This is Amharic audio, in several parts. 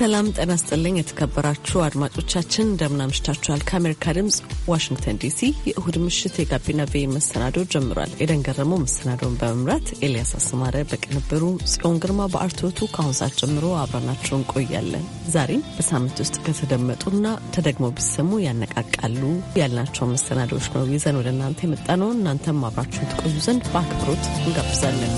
ሰላም ጤና ስጥልኝ። የተከበራችሁ አድማጮቻችን እንደምን አምሽታችኋል? ከአሜሪካ ድምፅ ዋሽንግተን ዲሲ የእሁድ ምሽት የጋቢና ቬ መሰናዶ ጀምሯል። ኤደን ገረሞ መሰናዶውን በመምራት ኤልያስ አስማረ በቅንብሩ፣ ጽዮን ግርማ በአርትዖቱ ከአሁን ሰዓት ጀምሮ አብረናችሁ እንቆያለን። ዛሬም በሳምንት ውስጥ ከተደመጡና ተደግሞ ቢሰሙ ያነቃቃሉ ያልናቸውን መሰናዶዎች ነው ይዘን ወደ እናንተ ነው። እናንተም አብራችሁን ትቆዩ ዘንድ በአክብሮት እንጋብዛለን።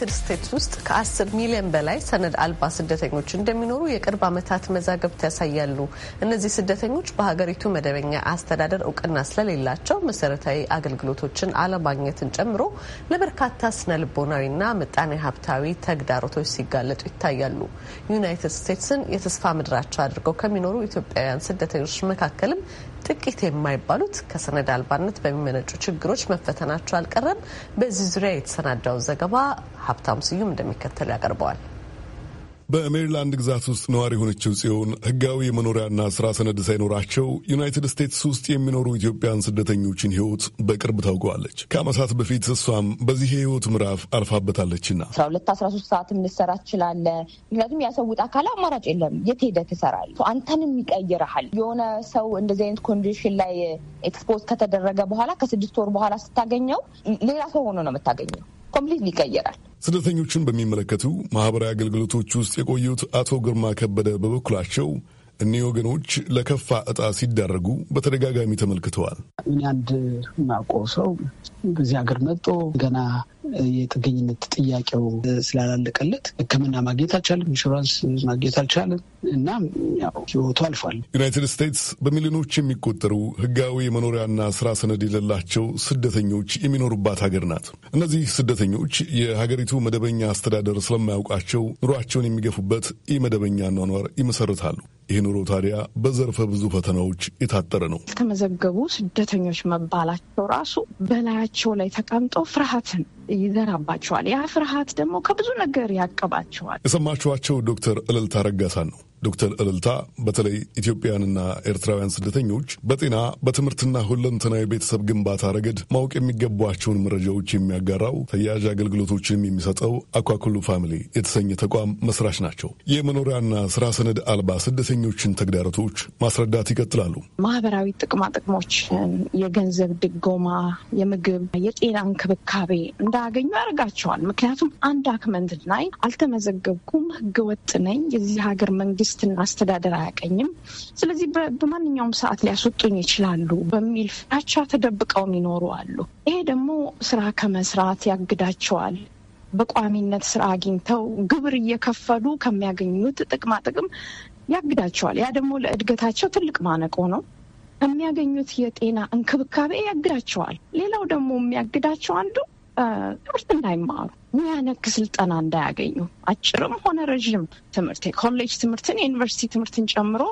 ዩናይትድ ስቴትስ ውስጥ ከ10 ሚሊዮን በላይ ሰነድ አልባ ስደተኞች እንደሚኖሩ የቅርብ ዓመታት መዛግብት ያሳያሉ። እነዚህ ስደተኞች በሀገሪቱ መደበኛ አስተዳደር እውቅና ስለሌላቸው መሰረታዊ አገልግሎቶችን አለማግኘትን ጨምሮ ለበርካታ ስነ ልቦናዊና ምጣኔ ሀብታዊ ተግዳሮቶች ሲጋለጡ ይታያሉ። ዩናይትድ ስቴትስን የተስፋ ምድራቸው አድርገው ከሚኖሩ ኢትዮጵያውያን ስደተኞች መካከልም ጥቂት የማይባሉት ከሰነድ አልባነት በሚመነጩ ችግሮች መፈተናቸው አልቀረም። በዚህ ዙሪያ የተሰናዳው ዘገባ ሀብታም ስዩም እንደሚከተል ያቀርበዋል። በሜሪላንድ ግዛት ውስጥ ነዋሪ የሆነችው ጽዮን ህጋዊ የመኖሪያና ስራ ሰነድ ሳይኖራቸው ዩናይትድ ስቴትስ ውስጥ የሚኖሩ ኢትዮጵያን ስደተኞችን ህይወት በቅርብ ታውቀዋለች። ከአመሳት በፊት እሷም በዚህ የህይወት ምዕራፍ አልፋበታለችና አስራ ሁለት አስራ ሶስት ሰዓት የምንሰራ ትችላለ። ምክንያቱም ያሰውጥ አካል አማራጭ የለም። የት ሄደ ትሰራል። አንተንም ይቀይረሃል። የሆነ ሰው እንደዚህ አይነት ኮንዲሽን ላይ ኤክስፖዝ ከተደረገ በኋላ ከስድስት ወር በኋላ ስታገኘው ሌላ ሰው ሆኖ ነው የምታገኘው። ኮምፕሊት ይቀይራል። ስደተኞቹን በሚመለከቱ ማኅበራዊ አገልግሎቶች ውስጥ የቆዩት አቶ ግርማ ከበደ በበኩላቸው እኒህ ወገኖች ለከፋ እጣ ሲዳረጉ በተደጋጋሚ ተመልክተዋል። እኔ አንድ ማቆ ሰው በዚህ ሀገር መጦ ገና የጥገኝነት ጥያቄው ስላላለቀለት ሕክምና ማግኘት አልቻለም፣ ኢንሹራንስ ማግኘት አልቻለም እና ህይወቱ አልፏል። ዩናይትድ ስቴትስ በሚሊዮኖች የሚቆጠሩ ህጋዊ የመኖሪያና ስራ ሰነድ የሌላቸው ስደተኞች የሚኖሩባት ሀገር ናት። እነዚህ ስደተኞች የሀገሪቱ መደበኛ አስተዳደር ስለማያውቃቸው ኑሯቸውን የሚገፉበት የመደበኛ ኗኗር ይመሰርታሉ። ይህ ኑሮ ታዲያ በዘርፈ ብዙ ፈተናዎች የታጠረ ነው። የተመዘገቡ ስደተኞች መባላቸው ራሱ በላያቸው ላይ ተቀምጦ ፍርሃትን ይዘራባቸዋል። ያ ፍርሃት ደግሞ ከብዙ ነገር ያቀባቸዋል። የሰማችኋቸው ዶክተር እልልታ ረጋሳን ነው። ዶክተር እልልታ በተለይ ኢትዮጵያውያንና ኤርትራውያን ስደተኞች በጤና በትምህርትና ሁለንተናዊ ቤተሰብ ግንባታ ረገድ ማወቅ የሚገቧቸውን መረጃዎች የሚያጋራው ተያያዥ አገልግሎቶችንም የሚሰጠው አኳኩሉ ፋሚሊ የተሰኘ ተቋም መስራች ናቸው። የመኖሪያና ስራ ሰነድ አልባ ስደተኞችን ተግዳሮቶች ማስረዳት ይቀጥላሉ። ማህበራዊ ጥቅማ ጥቅሞችን፣ የገንዘብ ድጎማ፣ የምግብ፣ የጤና እንክብካቤ እንዳያገኙ ያደርጋቸዋል። ምክንያቱም አንድ አክመንት ላይ አልተመዘገብኩም፣ ህገወጥ ነኝ፣ የዚህ ሀገር መንግስት መንግስትና አስተዳደር አያቀኝም። ስለዚህ በማንኛውም ሰዓት ሊያስወጡኝ ይችላሉ በሚል ፍራቻ ተደብቀውም ይኖሩ አሉ። ይሄ ደግሞ ስራ ከመስራት ያግዳቸዋል። በቋሚነት ስራ አግኝተው ግብር እየከፈሉ ከሚያገኙት ጥቅማ ጥቅም ያግዳቸዋል። ያ ደግሞ ለእድገታቸው ትልቅ ማነቆ ነው። ከሚያገኙት የጤና እንክብካቤ ያግዳቸዋል። ሌላው ደግሞ የሚያግዳቸው አንዱ ትምህርት እንዳይማሩ ሙያ ነክ ስልጠና እንዳያገኙ አጭርም ሆነ ረዥም ትምህርት የኮሌጅ ትምህርትን የዩኒቨርሲቲ ትምህርትን ጨምሮ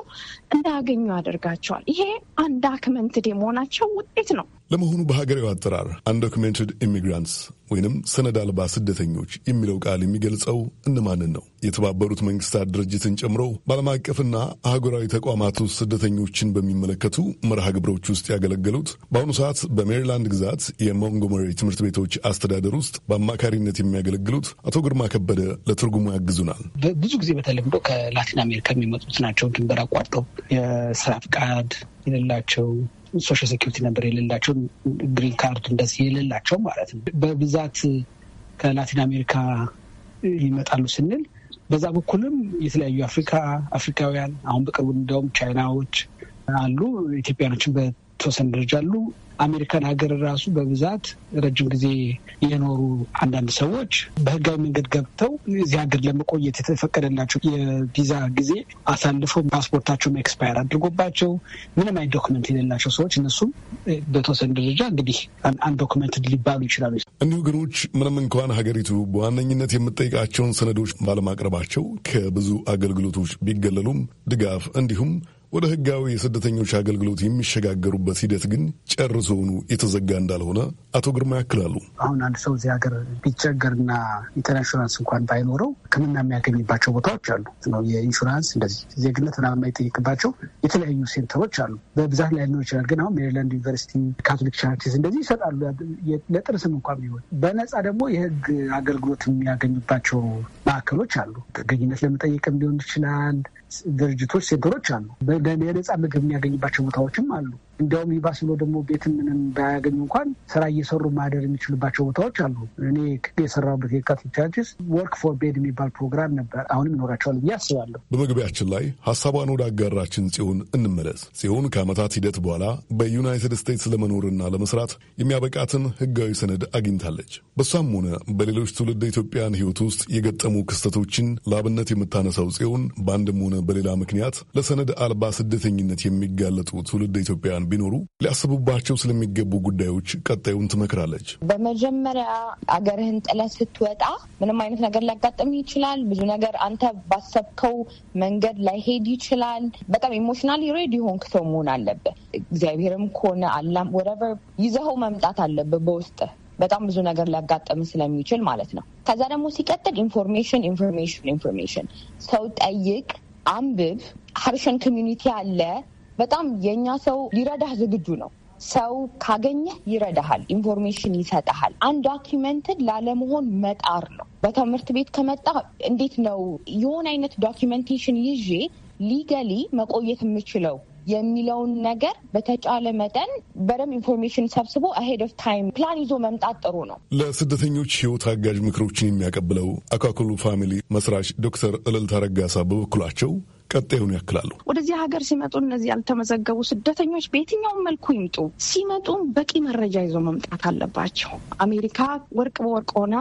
እንዳያገኙ ያደርጋቸዋል። ይሄ አንዳክመንትድ የመሆናቸው ውጤት ነው። ለመሆኑ በሀገሬው አጠራር አንዶክመንትድ ኢሚግራንትስ ወይንም ሰነድ አልባ ስደተኞች የሚለው ቃል የሚገልጸው እነማንን ነው? የተባበሩት መንግስታት ድርጅትን ጨምሮ በዓለም አቀፍና አህጉራዊ ተቋማት ውስጥ ስደተኞችን በሚመለከቱ መርሃ ግብሮች ውስጥ ያገለገሉት በአሁኑ ሰዓት በሜሪላንድ ግዛት የሞንጎመሪ ትምህርት ቤቶች አስተዳደር ውስጥ በአማካሪነት የሚያገለግሉት አቶ ግርማ ከበደ ለትርጉሙ ያግዙናል። ብዙ ጊዜ በተለምዶ ከላቲን አሜሪካ የሚመጡት ናቸው። ድንበር አቋርጠው የስራ ፍቃድ የሌላቸው ሶሻል ሴኪሪቲ ነበር የሌላቸው ግሪን ካርድ እንደዚህ የሌላቸው ማለት ነው። በብዛት ከላቲን አሜሪካ ይመጣሉ ስንል በዛ በኩልም የተለያዩ አፍሪካ አፍሪካውያን አሁን በቅርቡ እንዲያውም ቻይናዎች አሉ ኢትዮጵያኖችን ተወሰነ ደረጃ አሉ። አሜሪካን ሀገር ራሱ በብዛት ረጅም ጊዜ የኖሩ አንዳንድ ሰዎች በህጋዊ መንገድ ገብተው እዚህ ሀገር ለመቆየት የተፈቀደላቸው የቪዛ ጊዜ አሳልፈው ፓስፖርታቸው ኤክስፓየር አድርጎባቸው ምንም አይነት ዶክመንት የሌላቸው ሰዎች እነሱም በተወሰነ ደረጃ እንግዲህ አንድ ዶክመንት ሊባሉ ይችላሉ። እኒሁ ወገኖች ምንም እንኳን ሀገሪቱ በዋነኝነት የምጠይቃቸውን ሰነዶች ባለማቅረባቸው ከብዙ አገልግሎቶች ቢገለሉም ድጋፍ እንዲሁም ወደ ህጋዊ የስደተኞች አገልግሎት የሚሸጋገሩበት ሂደት ግን ጨርሶውኑ የተዘጋ እንዳልሆነ አቶ ግርማ ያክላሉ። አሁን አንድ ሰው እዚህ ሀገር ቢቸገርና ኢንሹራንስ እንኳን ባይኖረው ሕክምና የሚያገኝባቸው ቦታዎች አሉ። የኢንሹራንስ እንደዚህ ዜግነት ምናምን የማይጠይቅባቸው የተለያዩ ሴንተሮች አሉ። በብዛት ላይ ሊኖር ይችላል። ግን አሁን ሜሪላንድ ዩኒቨርሲቲ፣ ካቶሊክ ቻሪቲስ እንደዚህ ይሰጣሉ። ለጥርስም እንኳን ቢሆን በነፃ ደግሞ የህግ አገልግሎት የሚያገኙባቸው ማዕከሎች አሉ። ጥገኝነት ለመጠየቅም ሊሆን ይችላል ድርጅቶች ሴንተሮች አሉ። የነፃ ምግብ የሚያገኝባቸው ቦታዎችም አሉ። እንዲያውም ይባስ ብሎ ደግሞ ቤት ምንም ባያገኙ እንኳን ስራ እየሰሩ ማደር የሚችሉባቸው ቦታዎች አሉ። እኔ የሰራበት የካቶሊክ ቻርችስ ወርክ ፎር ቤድ የሚባል ፕሮግራም ነበር። አሁንም ይኖራቸዋል ብዬ አስባለሁ። በመግቢያችን ላይ ሀሳቧን ወደ አጋራችን ጽሁን እንመለስ። ጽሁን ከዓመታት ሂደት በኋላ በዩናይትድ ስቴትስ ለመኖርና ለመስራት የሚያበቃትን ህጋዊ ሰነድ አግኝታለች። በሷም ሆነ በሌሎች ትውልድ ኢትዮጵያን ህይወት ውስጥ የገጠሙ ክስተቶችን ለአብነት የምታነሳው ጽሁን በአንድም ሆነ በሌላ ምክንያት ለሰነድ አልባ ስደተኝነት የሚጋለጡ ትውልድ ኢትዮጵያን ቢኖሩ ሊያስቡባቸው ስለሚገቡ ጉዳዮች ቀጣዩን ትመክራለች። በመጀመሪያ አገርህን ጥለህ ስትወጣ ምንም አይነት ነገር ሊያጋጥም ይችላል። ብዙ ነገር አንተ ባሰብከው መንገድ ላይሄድ ይችላል። በጣም ኢሞሽናሊ ሬዲ ሆንክ ሰው መሆን አለብህ። እግዚአብሔርም ከሆነ አላም ወረቨር ይዘኸው መምጣት አለብህ በውስጥ በጣም ብዙ ነገር ሊያጋጠም ስለሚችል ማለት ነው። ከዛ ደግሞ ሲቀጥል ኢንፎርሜሽን ኢንፎርሜሽን ኢንፎርሜሽን ሰው ጠይቅ፣ አንብብ። ሀርሽን ኮሚኒቲ አለ በጣም የእኛ ሰው ሊረዳህ ዝግጁ ነው። ሰው ካገኘ ይረዳሃል፣ ኢንፎርሜሽን ይሰጠሃል። አንድ ዶኪመንትን ላለመሆን መጣር ነው። በትምህርት ቤት ከመጣ እንዴት ነው የሆነ አይነት ዶኪመንቴሽን ይዤ ሊገሊ መቆየት የምችለው የሚለውን ነገር በተጫለ መጠን በደንብ ኢንፎርሜሽን ሰብስቦ አሄድ ኦፍ ታይም ፕላን ይዞ መምጣት ጥሩ ነው። ለስደተኞች ህይወት አጋዥ ምክሮችን የሚያቀብለው አካክሉ ፋሚሊ መስራች ዶክተር እልልታ ረጋሳ በበኩላቸው ቀጣዩን ያክላሉ። ወደዚህ ሀገር ሲመጡ እነዚህ ያልተመዘገቡ ስደተኞች በየትኛውም መልኩ ይምጡ፣ ሲመጡም በቂ መረጃ ይዞ መምጣት አለባቸው። አሜሪካ ወርቅ በወርቅ ሆና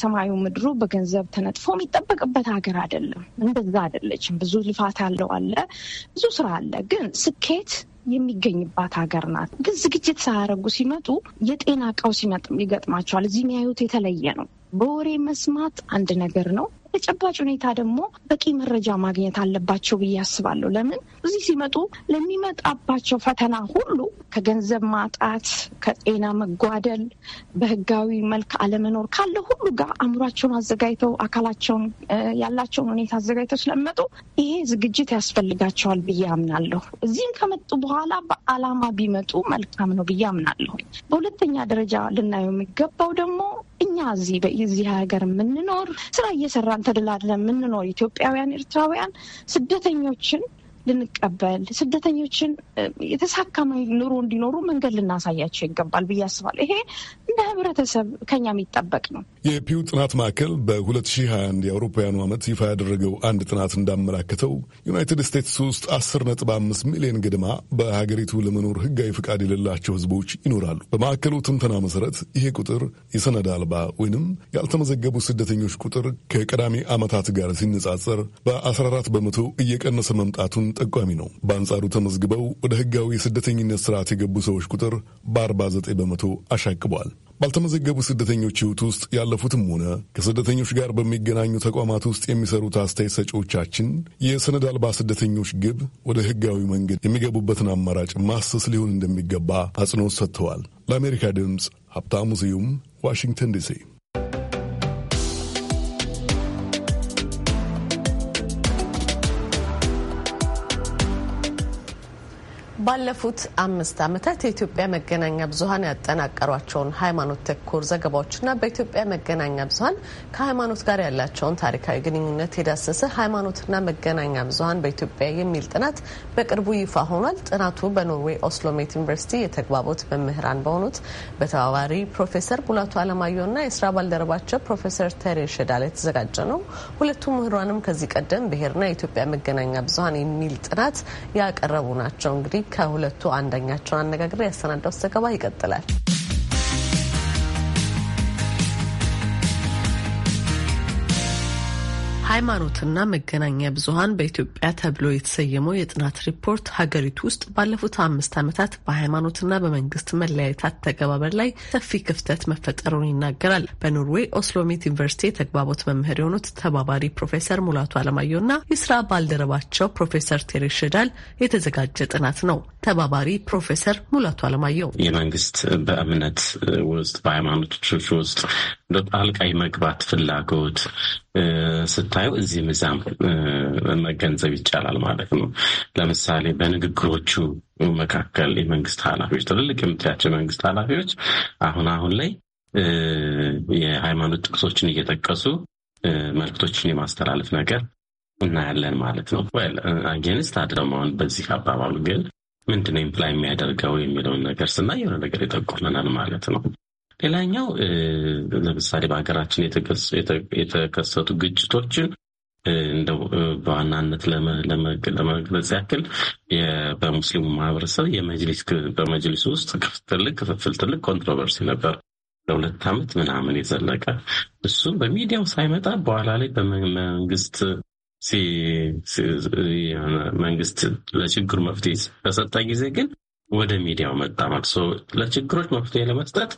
ሰማዩ ምድሩ በገንዘብ ተነጥፎ የሚጠበቅበት ሀገር አይደለም። እንደዛ አይደለችም። ብዙ ልፋት ያለው አለ፣ ብዙ ስራ አለ። ግን ስኬት የሚገኝባት ሀገር ናት። ግን ዝግጅት ሳያደርጉ ሲመጡ የጤና ቀውስ ይገጥማቸዋል። እዚህ የሚያዩት የተለየ ነው። በወሬ መስማት አንድ ነገር ነው። በተጨባጭ ሁኔታ ደግሞ በቂ መረጃ ማግኘት አለባቸው ብዬ አስባለሁ። ለምን እዚህ ሲመጡ ለሚመጣባቸው ፈተና ሁሉ ከገንዘብ ማጣት፣ ከጤና መጓደል፣ በህጋዊ መልክ አለመኖር ካለ ሁሉ ጋር አእምሯቸውን አዘጋጅተው አካላቸውን ያላቸውን ሁኔታ አዘጋጅተው ስለመጡ ይሄ ዝግጅት ያስፈልጋቸዋል ብዬ አምናለሁ። እዚህም ከመጡ በኋላ በአላማ ቢመጡ መልካም ነው ብዬ አምናለሁ። በሁለተኛ ደረጃ ልናየው የሚገባው ደግሞ እኛ እዚህ በዚህ ሀገር የምንኖር ስራ እየሰራን ተደላድለን የምንኖር ኢትዮጵያውያን፣ ኤርትራውያን ስደተኞችን ልንቀበል፣ ስደተኞችን የተሳካ ኑሮ እንዲኖሩ መንገድ ልናሳያቸው ይገባል ብዬ አስባለሁ። ይሄ እንደ ህብረተሰብ ከኛ የሚጠበቅ ነው። የፒው ጥናት ማዕከል በ2021 የአውሮፓውያኑ ዓመት ይፋ ያደረገው አንድ ጥናት እንዳመላከተው ዩናይትድ ስቴትስ ውስጥ 10.5 ሚሊዮን ገድማ በሀገሪቱ ለመኖር ህጋዊ ፈቃድ የሌላቸው ህዝቦች ይኖራሉ። በማዕከሉ ትንተና መሰረት ይሄ ቁጥር የሰነድ አልባ ወይንም ያልተመዘገቡ ስደተኞች ቁጥር ከቀዳሚ ዓመታት ጋር ሲነጻጸር በ14 በመቶ እየቀነሰ መምጣቱን ጠቋሚ ነው። በአንጻሩ ተመዝግበው ወደ ህጋዊ የስደተኝነት ስርዓት የገቡ ሰዎች ቁጥር በ49 በመቶ አሻቅቧል። ባልተመዘገቡ ስደተኞች ህይወት ውስጥ ያለፉትም ሆነ ከስደተኞች ጋር በሚገናኙ ተቋማት ውስጥ የሚሰሩት አስተያየት ሰጪዎቻችን የሰነድ አልባ ስደተኞች ግብ ወደ ህጋዊ መንገድ የሚገቡበትን አማራጭ ማሰስ ሊሆን እንደሚገባ አጽንኦት ሰጥተዋል። ለአሜሪካ ድምፅ ሀብታሙ ስዩም ዋሽንግተን ዲሲ ባለፉት አምስት ዓመታት የኢትዮጵያ መገናኛ ብዙኃን ያጠናቀሯቸውን ሃይማኖት ተኮር ዘገባዎችና በኢትዮጵያ መገናኛ ብዙኃን ከሃይማኖት ጋር ያላቸውን ታሪካዊ ግንኙነት የዳሰሰ ሃይማኖትና መገናኛ ብዙኃን በኢትዮጵያ የሚል ጥናት በቅርቡ ይፋ ሆኗል። ጥናቱ በኖርዌይ ኦስሎሜት ዩኒቨርሲቲ የተግባቦት መምህራን በሆኑት በተባባሪ ፕሮፌሰር ሙላቱ አለማየሁና የስራ ባልደረባቸው ፕሮፌሰር ተሬ ሸዳላ የተዘጋጀ ነው። ሁለቱ ምሁራንም ከዚህ ቀደም ብሔርና የኢትዮጵያ መገናኛ ብዙኃን የሚል ጥናት ያቀረቡ ናቸው። እንግዲህ ከሁለቱ አንደኛቸውን አነጋግሬ ያሰናዳው ዘገባ ይቀጥላል። ሃይማኖትና መገናኛ ብዙኃን በኢትዮጵያ ተብሎ የተሰየመው የጥናት ሪፖርት ሀገሪቱ ውስጥ ባለፉት አምስት ዓመታት በሃይማኖትና በመንግስት መለያየታት ተገባበር ላይ ሰፊ ክፍተት መፈጠሩን ይናገራል። በኖርዌይ ኦስሎሜት ዩኒቨርሲቲ የተግባቦት መምህር የሆኑት ተባባሪ ፕሮፌሰር ሙላቱ አለማየሁና የስራ ባልደረባቸው ፕሮፌሰር ቴሬ ሸዳል የተዘጋጀ ጥናት ነው። ተባባሪ ፕሮፌሰር ሙላቱ አለማየሁ የመንግስት በእምነት ውስጥ በሃይማኖቶች ውስጥ ጣልቃ መግባት ፍላጎት ስታዩ እዚህም እዚያም መገንዘብ ይቻላል ማለት ነው። ለምሳሌ በንግግሮቹ መካከል የመንግስት ኃላፊዎች ትልልቅ የምታያቸው የመንግስት ኃላፊዎች አሁን አሁን ላይ የሃይማኖት ጥቅሶችን እየጠቀሱ መልክቶችን የማስተላለፍ ነገር እናያለን ማለት ነው። አጌንስት አድረም አሁን በዚህ አባባሉ ግን ምንድነው ኢምፕላይ የሚያደርገው የሚለውን ነገር ስናይ የሆነ ነገር ይጠቁመናል ማለት ነው። ሌላኛው ለምሳሌ በሀገራችን የተከሰቱ ግጭቶችን እንደ በዋናነት ለመግለጽ ያክል በሙስሊሙ ማህበረሰብ በመጅሊስ ውስጥ ትልቅ ክፍፍል፣ ትልቅ ኮንትሮቨርሲ ነበር ለሁለት ዓመት ምናምን የዘለቀ እሱም በሚዲያው ሳይመጣ በኋላ ላይ በመንግስት መንግስት ለችግሩ መፍትሄ በሰጠ ጊዜ ግን ወደ ሚዲያው መጣ ማለት ለችግሮች መፍትሄ ለመስጠት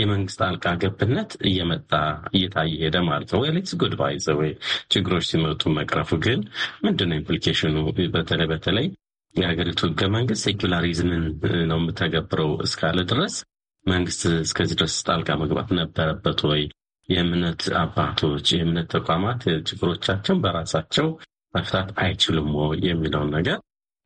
የመንግስት አልቃ ገብነት እየመጣ እየታየ ሄደ ማለት ነው። ዌል ኢትስ ጉድ ባይ ዘ ወይ ችግሮች ሲመጡ መቅረፉ ግን ምንድነው ኢምፕሊኬሽኑ? በተለይ በተለይ የሀገሪቱ ህገ መንግስት ሴኩላሪዝምን ነው የምተገብረው እስካለ ድረስ መንግስት እስከዚህ ድረስ ጣልቃ መግባት ነበረበት ወይ? የእምነት አባቶች፣ የእምነት ተቋማት ችግሮቻቸውን በራሳቸው መፍታት አይችሉም የሚለውን ነገር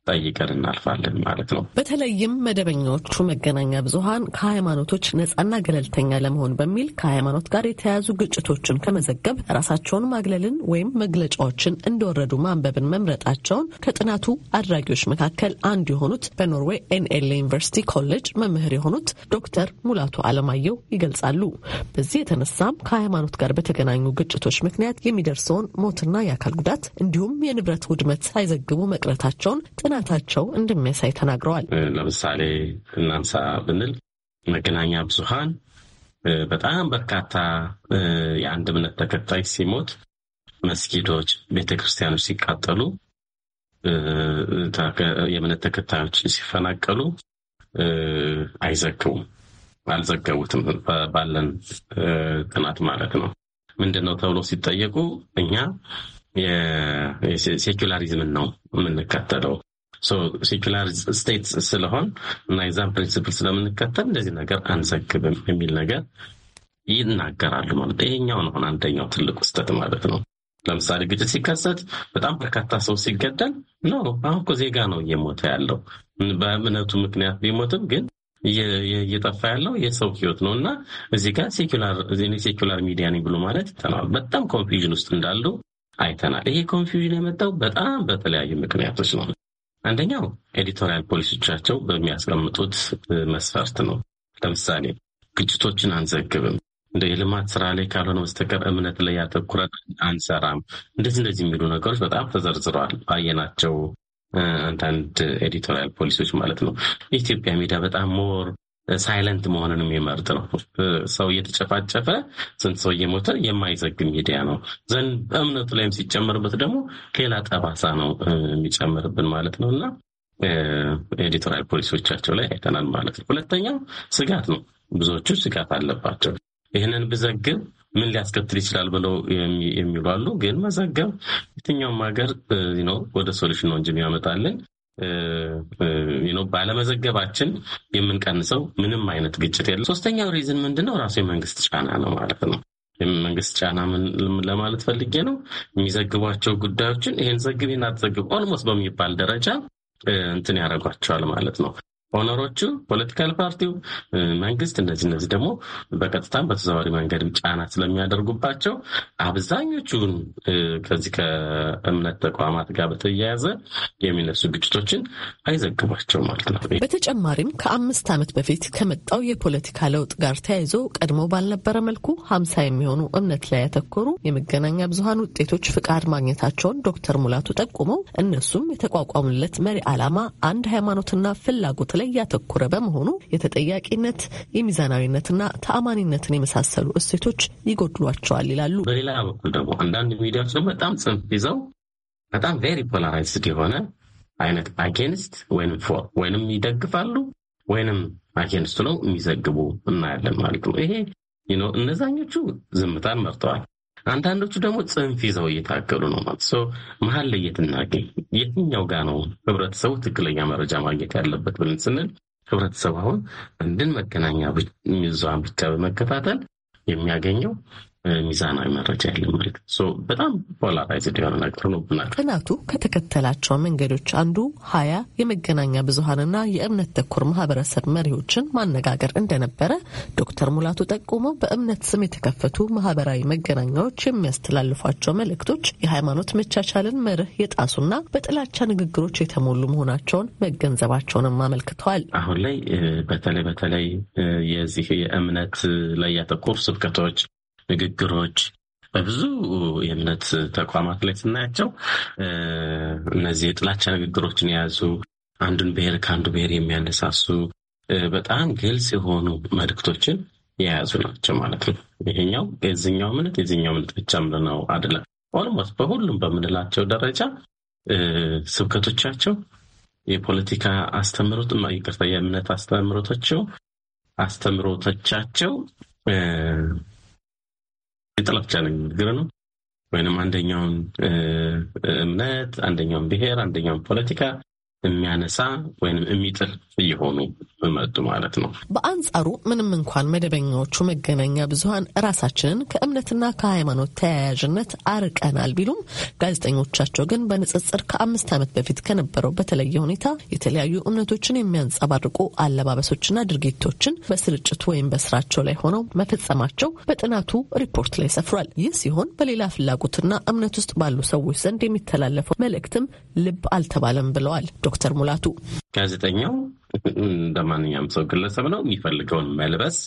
ጠይቀን እናልፋለን ማለት ነው። በተለይም መደበኛዎቹ መገናኛ ብዙኃን ከሃይማኖቶች ነጻና ገለልተኛ ለመሆን በሚል ከሃይማኖት ጋር የተያያዙ ግጭቶችን ከመዘገብ ራሳቸውን ማግለልን ወይም መግለጫዎችን እንደወረዱ ማንበብን መምረጣቸውን ከጥናቱ አድራጊዎች መካከል አንዱ የሆኑት በኖርዌይ ኤንኤል ዩኒቨርሲቲ ኮሌጅ መምህር የሆኑት ዶክተር ሙላቱ አለማየሁ ይገልጻሉ። በዚህ የተነሳም ከሃይማኖት ጋር በተገናኙ ግጭቶች ምክንያት የሚደርሰውን ሞትና የአካል ጉዳት እንዲሁም የንብረት ውድመት ሳይዘግቡ መቅረታቸውን ጥና ጥናታቸው እንደሚያሳይ ተናግረዋል። ለምሳሌ እናንሳ ብንል መገናኛ ብዙሃን በጣም በርካታ የአንድ እምነት ተከታይ ሲሞት፣ መስጊዶች፣ ቤተክርስቲያኖች ሲቃጠሉ፣ የእምነት ተከታዮች ሲፈናቀሉ አይዘግቡም። አልዘገቡትም ባለን ጥናት ማለት ነው። ምንድን ነው ተብሎ ሲጠየቁ እኛ ሴኩላሪዝምን ነው የምንከተለው ሴኩላር ስቴት ስለሆን እና የዛን ፕሪንስፕል ስለምንከተል እንደዚህ ነገር አንዘግብም የሚል ነገር ይናገራሉ ማለት ይሄኛው ነው አንደኛው ትልቅ ውስጠት ማለት ነው። ለምሳሌ ግጭት ሲከሰት በጣም በርካታ ሰው ሲገደል ኖ አሁን እኮ ዜጋ ነው እየሞተ ያለው በእምነቱ ምክንያት ቢሞትም ግን እየጠፋ ያለው የሰው ህይወት ነው እና እዚህ ጋር ሴኩላር ሚዲያ ነኝ ብሎ ማለት ይተናል። በጣም ኮንፊውዥን ውስጥ እንዳሉ አይተናል። ይሄ ኮንፊውዥን የመጣው በጣም በተለያዩ ምክንያቶች ነው። አንደኛው ኤዲቶሪያል ፖሊሲዎቻቸው በሚያስቀምጡት መስፈርት ነው። ለምሳሌ ግጭቶችን አንዘግብም፣ እንደ የልማት ስራ ላይ ካልሆነ በስተቀር እምነት ላይ ያተኩረን አንሰራም፣ እንደዚህ እንደዚህ የሚሉ ነገሮች በጣም ተዘርዝረዋል። ባየናቸው አንዳንድ ኤዲቶሪያል ፖሊሲዎች ማለት ነው። የኢትዮጵያ ሚዲያ በጣም ሞር ሳይለንት መሆንን የሚመርጥ ነው። ሰው እየተጨፋጨፈ ስንት ሰው እየሞተ የማይዘግ ሚዲያ ነው። ዘንድ እምነቱ ላይም ሲጨመርበት ደግሞ ሌላ ጠባሳ ነው የሚጨምርብን ማለት ነው እና ኤዲቶሪያል ፖሊሲዎቻቸው ላይ አይተናል ማለት ነው። ሁለተኛው ስጋት ነው። ብዙዎቹ ስጋት አለባቸው። ይህንን ብዘግብ ምን ሊያስከትል ይችላል ብለው የሚሉ አሉ። ግን መዘገብ የትኛውም ሀገር ወደ ሶሉሽን ነው እንጂ የሚያመጣልን ባለመዘገባችን የምንቀንሰው ምንም አይነት ግጭት የለም። ሶስተኛው ሪዝን ምንድነው? ራሱ የመንግስት ጫና ነው ማለት ነው። የመንግስት ጫና ለማለት ፈልጌ ነው። የሚዘግቧቸው ጉዳዮችን ይህን ዘግብ ይህን ኦልሞስት በሚባል ደረጃ እንትን ያደርጓቸዋል ማለት ነው። ኦነሮቹ ፖለቲካል ፓርቲው፣ መንግስት እነዚህ እነዚህ ደግሞ በቀጥታም በተዘዋዋሪ መንገድ ጫና ስለሚያደርጉባቸው አብዛኞቹን ከዚህ ከእምነት ተቋማት ጋር በተያያዘ የሚነሱ ግጭቶችን አይዘግቧቸው ማለት ነው። በተጨማሪም ከአምስት ዓመት በፊት ከመጣው የፖለቲካ ለውጥ ጋር ተያይዞ ቀድሞ ባልነበረ መልኩ ሀምሳ የሚሆኑ እምነት ላይ ያተኮሩ የመገናኛ ብዙሀን ውጤቶች ፍቃድ ማግኘታቸውን ዶክተር ሙላቱ ጠቁመው እነሱም የተቋቋሙለት መሪ ዓላማ አንድ ሃይማኖትና ፍላጎት ላይ ያተኮረ በመሆኑ የተጠያቂነት የሚዛናዊነትና ተአማኒነትን የመሳሰሉ እሴቶች ይጎድሏቸዋል ይላሉ። በሌላ በኩል ደግሞ አንዳንድ ሚዲያዎች ደግሞ በጣም ጽንፍ ይዘው በጣም ቬሪ ፖላራይዝድ የሆነ አይነት አጌንስት ወይም ፎር ወይንም ይደግፋሉ ወይንም አጌንስት ነው የሚዘግቡ እናያለን ማለት ነው። ይሄ እነዛኞቹ ዝምታን መርተዋል። አንዳንዶቹ ደግሞ ጽንፍ ይዘው እየታከሉ ነው ማለት ሰው መሀል ላይ የትናገኝ የትኛው ጋ ነው ህብረተሰቡ ትክክለኛ መረጃ ማግኘት ያለበት ብለን ስንል ህብረተሰብ አሁን እንድን መገናኛ ብዙሃን ብቻ በመከታተል የሚያገኘው ሚዛናዊ መረጃ ያለ ማለት ነው። በጣም ፖላራይዝድ የሆነ ነገር ሆኖብናል። ጥናቱ ከተከተላቸው መንገዶች አንዱ ሀያ የመገናኛ ብዙሀንና የእምነት ተኮር ማህበረሰብ መሪዎችን ማነጋገር እንደነበረ ዶክተር ሙላቱ ጠቁመው በእምነት ስም የተከፈቱ ማህበራዊ መገናኛዎች የሚያስተላልፏቸው መልእክቶች የሃይማኖት መቻቻልን መርህ የጣሱና በጥላቻ ንግግሮች የተሞሉ መሆናቸውን መገንዘባቸውንም አመልክተዋል። አሁን ላይ በተለይ በተለይ የዚህ የእምነት ላይ ያተኮር ስብከቶች ንግግሮች በብዙ የእምነት ተቋማት ላይ ስናያቸው እነዚህ የጥላቻ ንግግሮችን የያዙ አንዱን ብሔር ከአንዱ ብሔር የሚያነሳሱ በጣም ግልጽ የሆኑ መልእክቶችን የያዙ ናቸው ማለት ነው። ይሄኛው የዚኛው እምነት የዚኛው እምነት ብቻ ምንነው አደለም። ኦልሞስት በሁሉም በምንላቸው ደረጃ ስብከቶቻቸው የፖለቲካ አስተምሮት ይቅርታ፣ የእምነት አስተምሮቶቸው አስተምሮቶቻቸው የጥላቻ ንግግር ነው ወይንም አንደኛውን እምነት አንደኛውን ብሔር አንደኛውን ፖለቲካ የሚያነሳ ወይም የሚጥር እየሆኑ መጡ ማለት ነው። በአንጻሩ ምንም እንኳን መደበኛዎቹ መገናኛ ብዙኃን ራሳችንን ከእምነትና ከሃይማኖት ተያያዥነት አርቀናል ቢሉም ጋዜጠኞቻቸው ግን በንጽጽር ከአምስት ዓመት በፊት ከነበረው በተለየ ሁኔታ የተለያዩ እምነቶችን የሚያንጸባርቁ አለባበሶችና ድርጊቶችን በስርጭቱ ወይም በስራቸው ላይ ሆነው መፈጸማቸው በጥናቱ ሪፖርት ላይ ሰፍሯል። ይህ ሲሆን በሌላ ፍላጎትና እምነት ውስጥ ባሉ ሰዎች ዘንድ የሚተላለፈው መልእክትም ልብ አልተባለም ብለዋል። ዶክተር ሙላቱ ጋዜጠኛው እንደ ማንኛውም ሰው ግለሰብ ነው። የሚፈልገውን መልበስ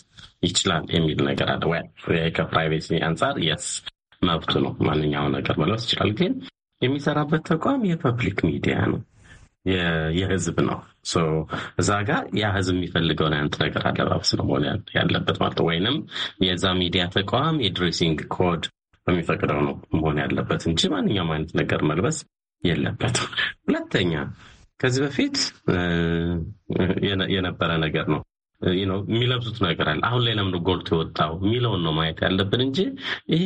ይችላል የሚል ነገር አለ። ከፕራይቬሲ አንጻር የስ መብቱ ነው። ማንኛው ነገር መልበስ ይችላል። ግን የሚሰራበት ተቋም የፐብሊክ ሚዲያ ነው፣ የህዝብ ነው። እዛ ጋር ያ ህዝብ የሚፈልገውን አይነት ነገር አለባበስ ነው መሆን ያለበት ማለት ወይንም የዛ ሚዲያ ተቋም የድሬሲንግ ኮድ በሚፈቅደው ነው መሆን ያለበት እንጂ ማንኛውም አይነት ነገር መልበስ የለበትም። ሁለተኛ ከዚህ በፊት የነበረ ነገር ነው። የሚለብሱት ነገር አለ። አሁን ላይ ለምን ጎልቶ የወጣው የሚለውን ነው ማየት ያለብን እንጂ ይሄ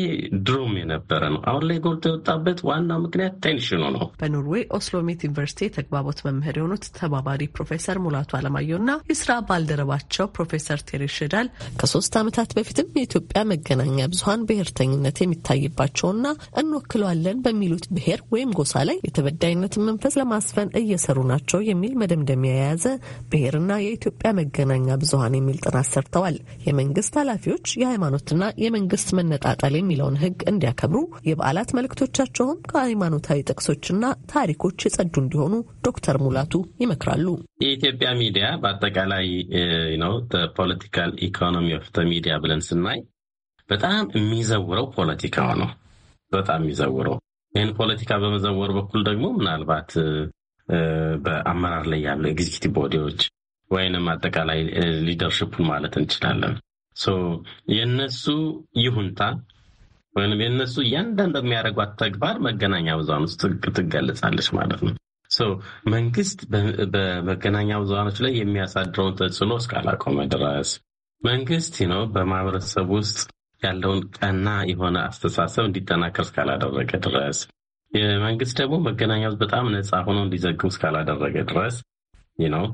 ድሮም የነበረ ነው። አሁን ላይ ጎልቶ የወጣበት ዋና ምክንያት ቴንሽኑ ነው። በኖርዌይ ኦስሎሜት ዩኒቨርሲቲ የተግባቦት መምህር የሆኑት ተባባሪ ፕሮፌሰር ሙላቱ አለማየሁና የስራ ባልደረባቸው ፕሮፌሰር ቴሬ ሽዳል ከሶስት ዓመታት በፊትም የኢትዮጵያ መገናኛ ብዙሀን ብሔርተኝነት የሚታይባቸውና እንወክለዋለን በሚሉት ብሔር ወይም ጎሳ ላይ የተበዳይነትን መንፈስ ለማስፈን እየሰሩ ናቸው የሚል መደምደሚያ የያዘ ብሔርና የኢትዮጵያ መገናኛ ብዙሀን የሚል ጥናት ሰርተዋል። የመንግስት ኃላፊዎች የሃይማኖትና የመንግስት መነጣጠል የሚለውን ህግ እንዲያከብሩ፣ የበዓላት መልእክቶቻቸውም ከሃይማኖታዊ ጥቅሶችና ታሪኮች የጸዱ እንዲሆኑ ዶክተር ሙላቱ ይመክራሉ። የኢትዮጵያ ሚዲያ በአጠቃላይ ነው ፖለቲካል ኢኮኖሚ ኦፍ ሚዲያ ብለን ስናይ በጣም የሚዘውረው ፖለቲካው ነው። በጣም የሚዘውረው ይህን ፖለቲካ በመዘወር በኩል ደግሞ ምናልባት በአመራር ላይ ያሉ ኤግዚኪቲቭ ቦዲዎች ወይንም አጠቃላይ ሊደርሽፑን ማለት እንችላለን። የነሱ ይሁንታ ወይም የነሱ እያንዳንዱ የሚያደርጓት ተግባር መገናኛ ብዙሃን ውስጥ ትገለጻለች ማለት ነው። መንግስት በመገናኛ ብዙሃኖች ላይ የሚያሳድረውን ተጽዕኖ እስካላቆመ ድረስ መንግስት ነው በማህበረሰብ ውስጥ ያለውን ቀና የሆነ አስተሳሰብ እንዲጠናከር እስካላደረገ ድረስ መንግስት ደግሞ መገናኛ በጣም ነፃ ሆኖ እንዲዘግቡ እስካላደረገ ድረስ ነው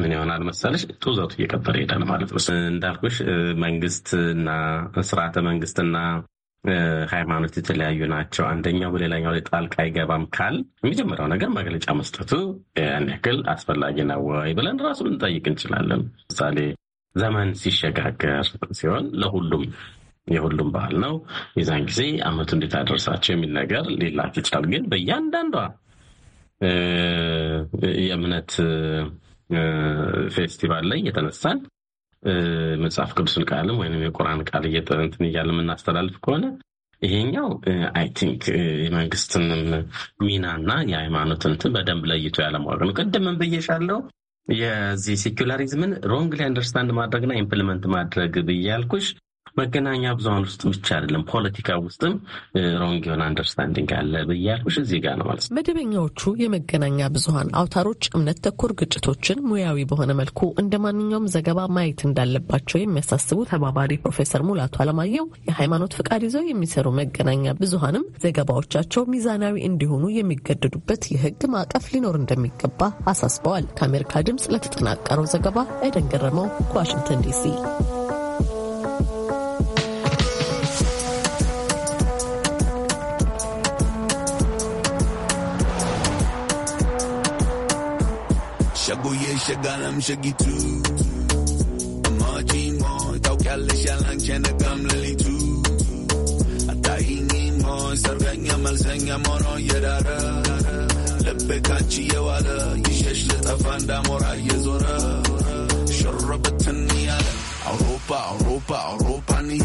ምን ይሆናል መሰለሽ ጡዘቱ እየቀጠለ ይሄዳል ማለት ነው። እንዳልኩሽ መንግስት እና ስርዓተ መንግስትና ሃይማኖት የተለያዩ ናቸው። አንደኛው በሌላኛው ላይ ጣልቃ አይገባም ካል የመጀመሪያው ነገር መግለጫ መስጠቱ ያን ያክል አስፈላጊ ነው ወይ ብለን ራሱ ልንጠይቅ እንችላለን። ምሳሌ ዘመን ሲሸጋገር ሲሆን ለሁሉም የሁሉም ባህል ነው። የዛን ጊዜ አመቱ እንዴት አደረሳቸው የሚል ነገር ሌላት ይችላል። ግን በእያንዳንዷ የእምነት ፌስቲቫል ላይ እየተነሳን መጽሐፍ ቅዱስን ቃልም ወይም የቁርአን ቃል እየጠንትን እያለ የምናስተላልፍ ከሆነ ይሄኛው አይ ቲንክ የመንግስትንም ሚናና የሃይማኖትን እንትን በደንብ ለይቶ ያለማወቅ ነው። ቅድምን ብዬሻለው የዚህ ሴኩላሪዝምን ሮንግ አንደርስታንድ ማድረግና ኢምፕሊመንት ማድረግ ብያልኩሽ መገናኛ ብዙሀን ውስጥ ብቻ አይደለም፣ ፖለቲካ ውስጥም ሮንግ የሆነ አንደርስታንዲንግ አለ ብያልሽ እዚህ ጋር ነው ማለት ነው። መደበኛዎቹ የመገናኛ ብዙሀን አውታሮች እምነት ተኮር ግጭቶችን ሙያዊ በሆነ መልኩ እንደ ማንኛውም ዘገባ ማየት እንዳለባቸው የሚያሳስቡ ተባባሪ ፕሮፌሰር ሙላቱ አለማየሁ የሃይማኖት ፍቃድ ይዘው የሚሰሩ መገናኛ ብዙሀንም ዘገባዎቻቸው ሚዛናዊ እንዲሆኑ የሚገደዱበት የህግ ማዕቀፍ ሊኖር እንደሚገባ አሳስበዋል። ከአሜሪካ ድምጽ ለተጠናቀረው ዘገባ ኤደን ገረመው ከዋሽንግተን ዲሲ ሸጉዬ ሸጋለም ሸጊቱ ማጂሞ ታውቂያለሽ ያላንቸነጋም ሌሊቱ አታይኝሞ ሰርገኛ መልሰኛ ሞኖ እየዳረ ልቤ ካንቺ እየዋለ ይሸሽ ልጠፋ እንዳሞራ እየዞረ ሽርብትን ያለ አውሮፓ አውሮፓ አውሮፓ ንሂ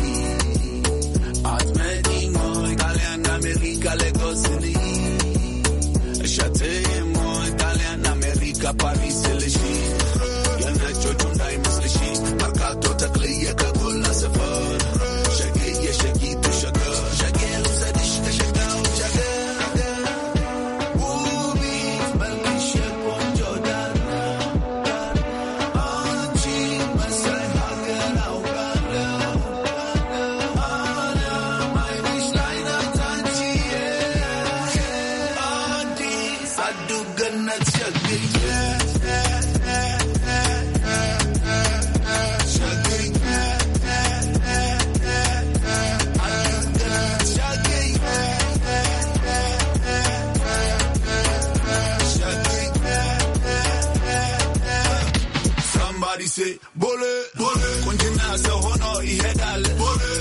kunjina sa hono ihedal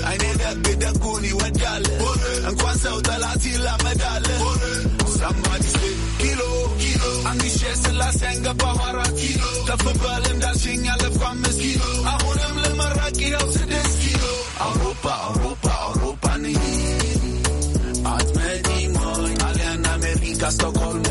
aine debbi deggun iweddal enquan sew telat yilamedal somebody say kilo አንዲሼ ስላሴን ገባሁ አራት ኪሎ ከፍ በል እንዳልሽኝ ያለፍኩ አምስት ኪሎ አሁንም ልመራቅ ይኸው ስድስት ኪሎ አውሮፓ አውሮፓ አውሮፓ ንሂድ አትመጪም ወይ ጣሊያን አሜሪካ ስቶክሆልም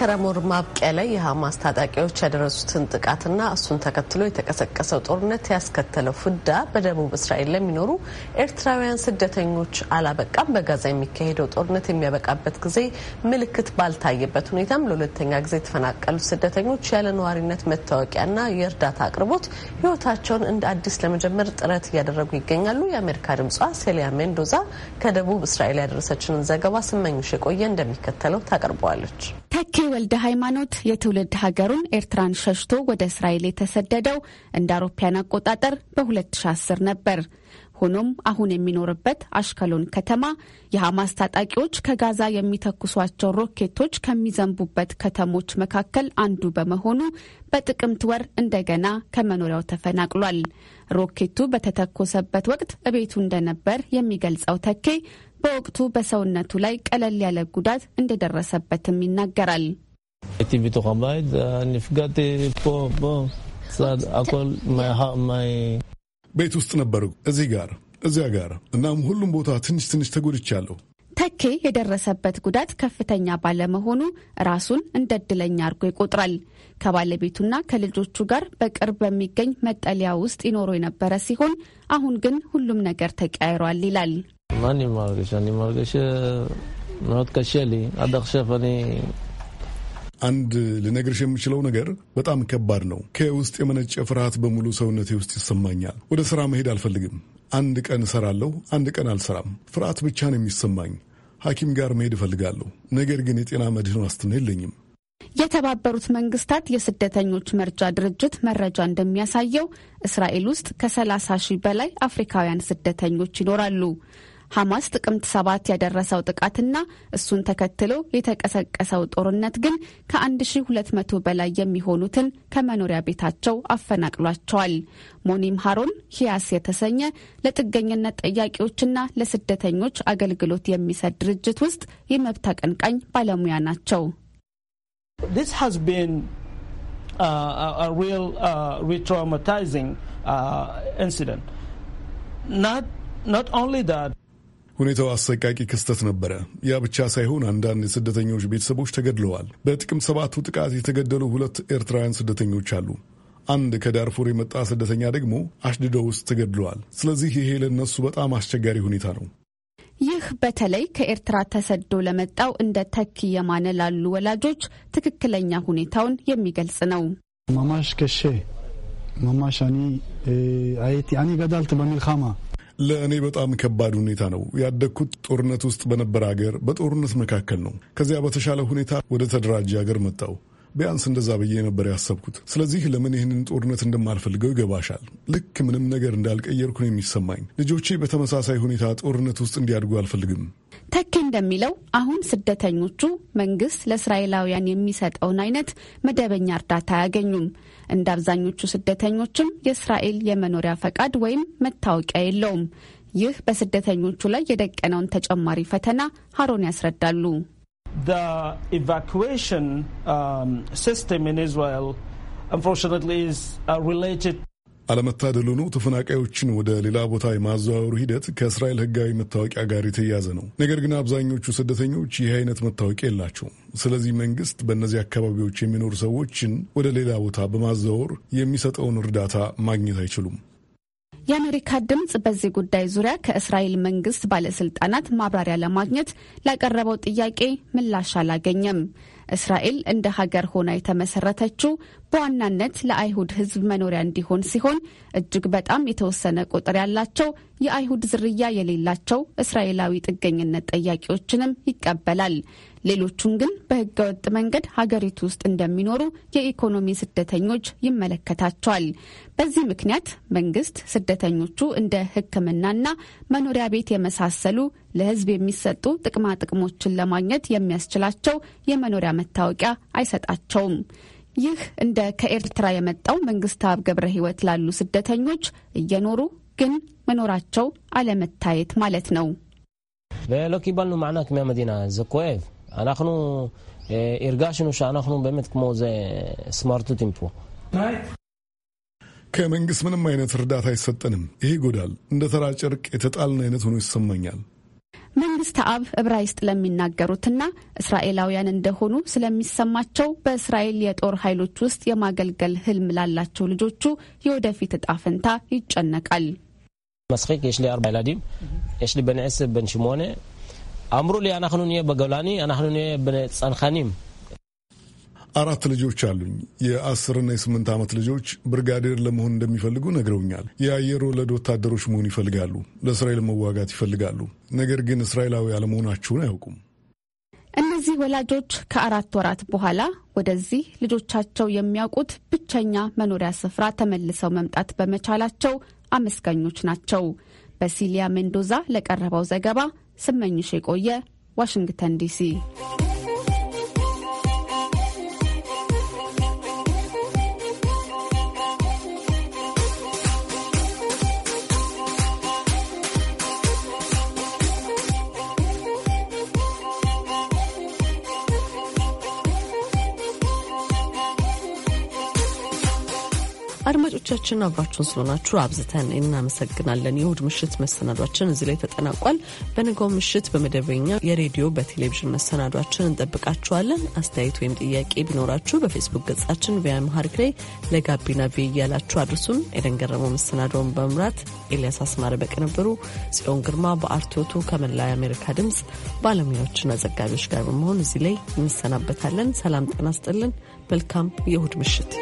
መስከረም ወር ማብቂያ ላይ የሀማስ ታጣቂዎች ያደረሱትን ጥቃትና እሱን ተከትሎ የተቀሰቀሰው ጦርነት ያስከተለው ፍዳ በደቡብ እስራኤል ለሚኖሩ ኤርትራውያን ስደተኞች አላበቃም። በጋዛ የሚካሄደው ጦርነት የሚያበቃበት ጊዜ ምልክት ባልታየበት ሁኔታም ለሁለተኛ ጊዜ የተፈናቀሉት ስደተኞች ያለ ነዋሪነት መታወቂያና የእርዳታ አቅርቦት ህይወታቸውን እንደ አዲስ ለመጀመር ጥረት እያደረጉ ይገኛሉ። የአሜሪካ ድምጿ ሴሊያ ሜንዶዛ ከደቡብ እስራኤል ያደረሰችንን ዘገባ ስመኝሽ የቆየ እንደሚከተለው ታቀርበዋለች። ተኬ ወልደ ሃይማኖት የትውልድ ሀገሩን ኤርትራን ሸሽቶ ወደ እስራኤል የተሰደደው እንደ አውሮፓያን አቆጣጠር በ2010 ነበር። ሆኖም አሁን የሚኖርበት አሽከሎን ከተማ የሐማስ ታጣቂዎች ከጋዛ የሚተኩሷቸው ሮኬቶች ከሚዘንቡበት ከተሞች መካከል አንዱ በመሆኑ በጥቅምት ወር እንደገና ከመኖሪያው ተፈናቅሏል። ሮኬቱ በተተኮሰበት ወቅት እቤቱ እንደነበር የሚገልጸው ተኬ በወቅቱ በሰውነቱ ላይ ቀለል ያለ ጉዳት እንደደረሰበትም ይናገራል። ቤት ውስጥ ነበር፣ እዚህ ጋር እዚያ ጋር። እናም ሁሉም ቦታ ትንሽ ትንሽ ተጎድቻለሁ። ተኬ የደረሰበት ጉዳት ከፍተኛ ባለመሆኑ ራሱን እንደ እድለኛ አድርጎ ይቆጥራል። ከባለቤቱና ከልጆቹ ጋር በቅርብ በሚገኝ መጠለያ ውስጥ ይኖሩ የነበረ ሲሆን አሁን ግን ሁሉም ነገር ተቀያይሯል ይላል። מה אני מרגיש? אני מרגיש מאוד קשה לי. עד עכשיו אני... አንድ ልነግርሽ የምችለው ነገር በጣም ከባድ ነው። ከውስጥ የመነጨ ፍርሃት በሙሉ ሰውነቴ ውስጥ ይሰማኛል። ወደ ስራ መሄድ አልፈልግም። አንድ ቀን እሰራለሁ፣ አንድ ቀን አልሰራም። ፍርሃት ብቻ ነው የሚሰማኝ። ሐኪም ጋር መሄድ እፈልጋለሁ፣ ነገር ግን የጤና መድህን ዋስትና የለኝም። የተባበሩት መንግስታት የስደተኞች መርጃ ድርጅት መረጃ እንደሚያሳየው እስራኤል ውስጥ ከ30 ሺህ በላይ አፍሪካውያን ስደተኞች ይኖራሉ። ሐማስ ጥቅምት ሰባት ያደረሰው ጥቃትና እሱን ተከትሎ የተቀሰቀሰው ጦርነት ግን ከ1200 በላይ የሚሆኑትን ከመኖሪያ ቤታቸው አፈናቅሏቸዋል። ሞኒም ሃሮን ሂያስ የተሰኘ ለጥገኝነት ጠያቂዎችና ለስደተኞች አገልግሎት የሚሰጥ ድርጅት ውስጥ የመብት አቀንቃኝ ባለሙያ ናቸው። uh, uh, uh, not only that ሁኔታው አሰቃቂ ክስተት ነበረ። ያ ብቻ ሳይሆን አንዳንድ የስደተኞች ቤተሰቦች ተገድለዋል። በጥቅም ሰባቱ ጥቃት የተገደሉ ሁለት ኤርትራውያን ስደተኞች አሉ። አንድ ከዳርፉር የመጣ ስደተኛ ደግሞ አሽድዶ ውስጥ ተገድለዋል። ስለዚህ ይሄ ለነሱ በጣም አስቸጋሪ ሁኔታ ነው። ይህ በተለይ ከኤርትራ ተሰዶ ለመጣው እንደ ተኪ የማነ ላሉ ወላጆች ትክክለኛ ሁኔታውን የሚገልጽ ነው። ማማሽ ከሼ ማማሽ አኒ ገዳልት በሚልካማ ለእኔ በጣም ከባድ ሁኔታ ነው። ያደግኩት ጦርነት ውስጥ በነበረ ሀገር፣ በጦርነት መካከል ነው። ከዚያ በተሻለ ሁኔታ ወደ ተደራጀ ሀገር መጣው። ቢያንስ እንደዛ ብዬ ነበር ያሰብኩት። ስለዚህ ለምን ይህንን ጦርነት እንደማልፈልገው ይገባሻል። ልክ ምንም ነገር እንዳልቀየርኩ ነው የሚሰማኝ። ልጆቼ በተመሳሳይ ሁኔታ ጦርነት ውስጥ እንዲያድጉ አልፈልግም። ተኬ እንደሚለው አሁን ስደተኞቹ መንግስት ለእስራኤላውያን የሚሰጠውን አይነት መደበኛ እርዳታ አያገኙም። እንደ አብዛኞቹ ስደተኞችም የእስራኤል የመኖሪያ ፈቃድ ወይም መታወቂያ የለውም። ይህ በስደተኞቹ ላይ የደቀነውን ተጨማሪ ፈተና ሀሮን ያስረዳሉ። ኢቫኩዌሽን ሲስተም ኢን ኢዝራኤል unfortunately uh, አለመታደሉ ነው ተፈናቃዮችን ወደ ሌላ ቦታ የማዘዋወሩ ሂደት ከእስራኤል ሕጋዊ መታወቂያ ጋር የተያያዘ ነው። ነገር ግን አብዛኞቹ ስደተኞች ይህ አይነት መታወቂያ የላቸውም። ስለዚህ መንግስት በእነዚህ አካባቢዎች የሚኖሩ ሰዎችን ወደ ሌላ ቦታ በማዘዋወር የሚሰጠውን እርዳታ ማግኘት አይችሉም። የአሜሪካ ድምፅ በዚህ ጉዳይ ዙሪያ ከእስራኤል መንግስት ባለስልጣናት ማብራሪያ ለማግኘት ላቀረበው ጥያቄ ምላሽ አላገኘም። እስራኤል እንደ ሀገር ሆና የተመሰረተችው በዋናነት ለአይሁድ ሕዝብ መኖሪያ እንዲሆን ሲሆን እጅግ በጣም የተወሰነ ቁጥር ያላቸው የአይሁድ ዝርያ የሌላቸው እስራኤላዊ ጥገኝነት ጠያቂዎችንም ይቀበላል። ሌሎቹን ግን በህገወጥ መንገድ ሀገሪቱ ውስጥ እንደሚኖሩ የኢኮኖሚ ስደተኞች ይመለከታቸዋል። በዚህ ምክንያት መንግስት ስደተኞቹ እንደ ሕክምናና መኖሪያ ቤት የመሳሰሉ ለህዝብ የሚሰጡ ጥቅማ ጥቅሞችን ለማግኘት የሚያስችላቸው የመኖሪያ መታወቂያ አይሰጣቸውም። ይህ እንደ ከኤርትራ የመጣው አብ ገብረ ህይወት ላሉ ስደተኞች እየኖሩ ግን መኖራቸው አለመታየት ማለት ነው። በሎኪ ባልኑ መዲና ዘኮኤቭ אנחנו הרגשנו שאנחנו באמת כמו זה סמרטוטים פה. ከመንግስት ምንም አይነት እርዳታ አይሰጠንም። ይህ ይጎዳል። እንደ ተራ ጨርቅ የተጣልን አይነት ሆኖ ይሰማኛል። መንግስት አብ ዕብራይስጥ ለሚናገሩትና እስራኤላውያን እንደሆኑ ስለሚሰማቸው በእስራኤል የጦር ኃይሎች ውስጥ የማገልገል ህልም ላላቸው ልጆቹ የወደፊት እጣ ፈንታ ይጨነቃል። መስክ የሽ አርባ ላዲም የሽ ሊ በን ዒስብ በን ሽሞነ አምሩ ሊ አናክኑን በገላኒ አናክኑን በጸንካኒም አራት ልጆች አሉኝ። የአስርና የስምንት ዓመት ልጆች ብርጋዴር ለመሆን እንደሚፈልጉ ነግረውኛል። የአየር ወለድ ወታደሮች መሆን ይፈልጋሉ። ለእስራኤል መዋጋት ይፈልጋሉ። ነገር ግን እስራኤላዊ አለመሆናችሁን አያውቁም። እነዚህ ወላጆች ከአራት ወራት በኋላ ወደዚህ ልጆቻቸው የሚያውቁት ብቸኛ መኖሪያ ስፍራ ተመልሰው መምጣት በመቻላቸው አመስገኞች ናቸው። በሲሊያ ሜንዶዛ ለቀረበው ዘገባ ስመኝሽ የቆየ ዋሽንግተን ዲሲ አድማጮቻችን አብራችሁን ስለሆናችሁ አብዝተን እናመሰግናለን። የእሁድ ምሽት መሰናዷችን እዚህ ላይ ተጠናቋል። በነገው ምሽት በመደበኛ የሬዲዮ በቴሌቪዥን መሰናዷችን እንጠብቃችኋለን። አስተያየት ወይም ጥያቄ ቢኖራችሁ በፌስቡክ ገጻችን ቪያምሃሪክ ላይ ለጋቢና ቪ እያላችሁ አድርሱን። ኤደን ገረመው መሰናዶውን በመምራት ኤልያስ አስማረ በቅንብሩ፣ ጽዮን ግርማ በአርቶቱ ከመላ የአሜሪካ ድምፅ ባለሙያዎችና ዘጋቢዎች ጋር በመሆን እዚህ ላይ እንሰናበታለን። ሰላም ጤና ስጥልን። መልካም የእሁድ ምሽት